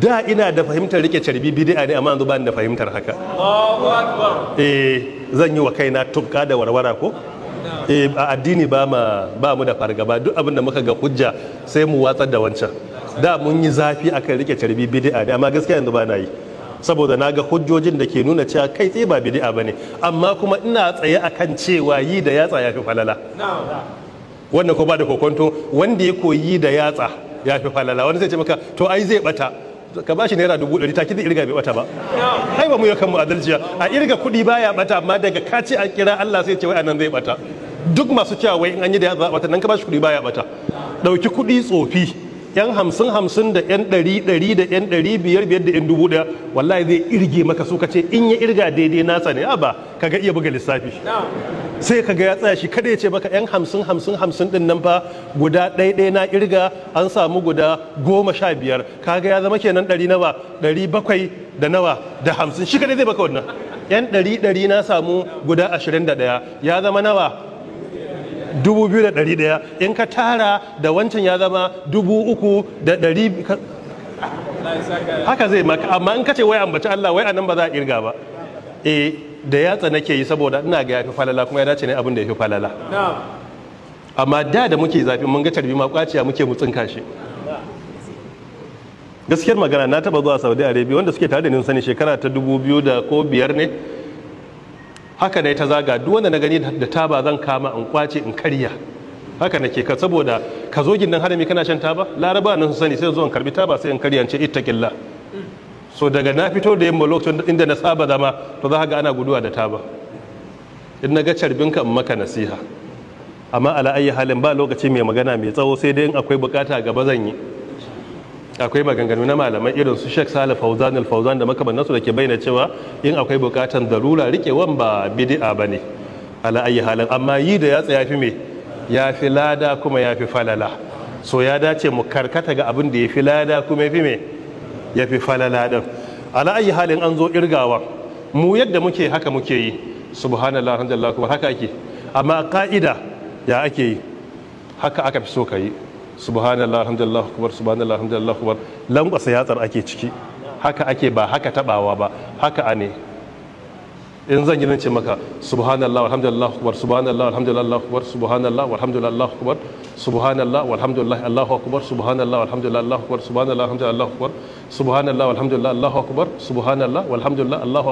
da ina da fahimtar rike carbi bid'a ne amma yanzu ba da fahimtar haka eh zan yi wa kaina tukka da warwara ko eh a addini ba ba mu da fargaba duk abin da muka ga hujja sai mu watsar da wancan da mun yi zafi akan rike carbi bid'a ne amma gaskiya yanzu ba na yi saboda na ga hujjojin da ke nuna cewa kai tsaye ba bid'a ne amma kuma ina tsaye akan cewa yi da yatsa ya fi falala wannan ko ba da kokonto wanda ya koyi da yatsa ya fi falala wani zai ce maka to ai zai bata ka ba shi naira dubu ɗari ta zai irga bai bata ba ai ba mu yi kanmu adalciya a irga kuɗi baya bata amma daga kaci ce a kira Allah sai ce wai anan zai bata duk masu cewa wai in an yi da ya bata nan ka ba shi kuɗi baya bata ɗauki kuɗi tsofi yan hamsin hamsin da yan ɗari ɗari da yan ɗari biyar biyar da yan dubu ɗaya wallahi zai irge maka su ka ce in ya irga daidai nasa ne a ba ga iya buga lissafi sai ka ga ya tsaya shi kada ya ce maka yan hamsin hamsin hamsin din nan fa guda ɗaya ɗaya na kirga an samu guda goma sha biyar ka ga ya zama kenan ɗari nawa ɗari bakwai da nawa da hamsin shi kada zai baka wannan yan ɗari ɗari na samu guda ashirin da ɗaya ya zama nawa dubu biyu da ɗaya in ka tara da wancan ya zama dubu uku da ɗari haka zai maka amma in ka ce wai ambaci Allah wai anan ba za a kirga ba e da yatsa nake yi saboda ina ga yafi falala kuma ya dace ne abin da yafi falala amma da da muke zafi mun ga tarbi ma kwaciya muke mutsin kashi gaskiyar magana na taba zuwa saudi arabia wanda suke tare da ni sani shekara ta dubu biyu da ko biyar ne haka ne ta zaga duk wanda na gani da taba zan kama in kwace in karya haka nake ka saboda ka zo gindin harami kana shan taba laraba nan su sani sai zo in karbi taba sai in karya in ce ittaqillah so daga na fito da yamma lokacin inda na saba zama to za ga ana guduwa da taba in na ga carbinka in maka nasiha amma ala ayi halin ba lokaci mai magana mai tsawo sai dai in akwai bukata gaba zan yi akwai maganganu na malamai irin su Sheikh Salih Fauzan al-Fauzan da ke su dake bayyana cewa in akwai bukatan darura wan ba bid'a bane ala ayi halin amma yi da fi mai, ya fi lada kuma ya fi falala so ya dace mu karkata ga abin da ya fi lada kuma ya fi mai. ya fi falala ɗin ala ayi halin an zo irgawa mu yadda muke haka muke yi subhanallah alhamdulillah kuma haka ake amma ka'ida ya ake yi haka aka fi so ka yi subhanallah alhamdulillah kubar subhanallah alhamdulillah kubar lankwasa yatsar ake ciki haka ake ba haka tabawa ba haka a ne in zan yi zan ce maka subhanallah subhanallah subhanallah subhanallah allahu akbar subhanallah allahu akbar subhanallah allahu akbar subhanallah allahu akbar subhanallah allahu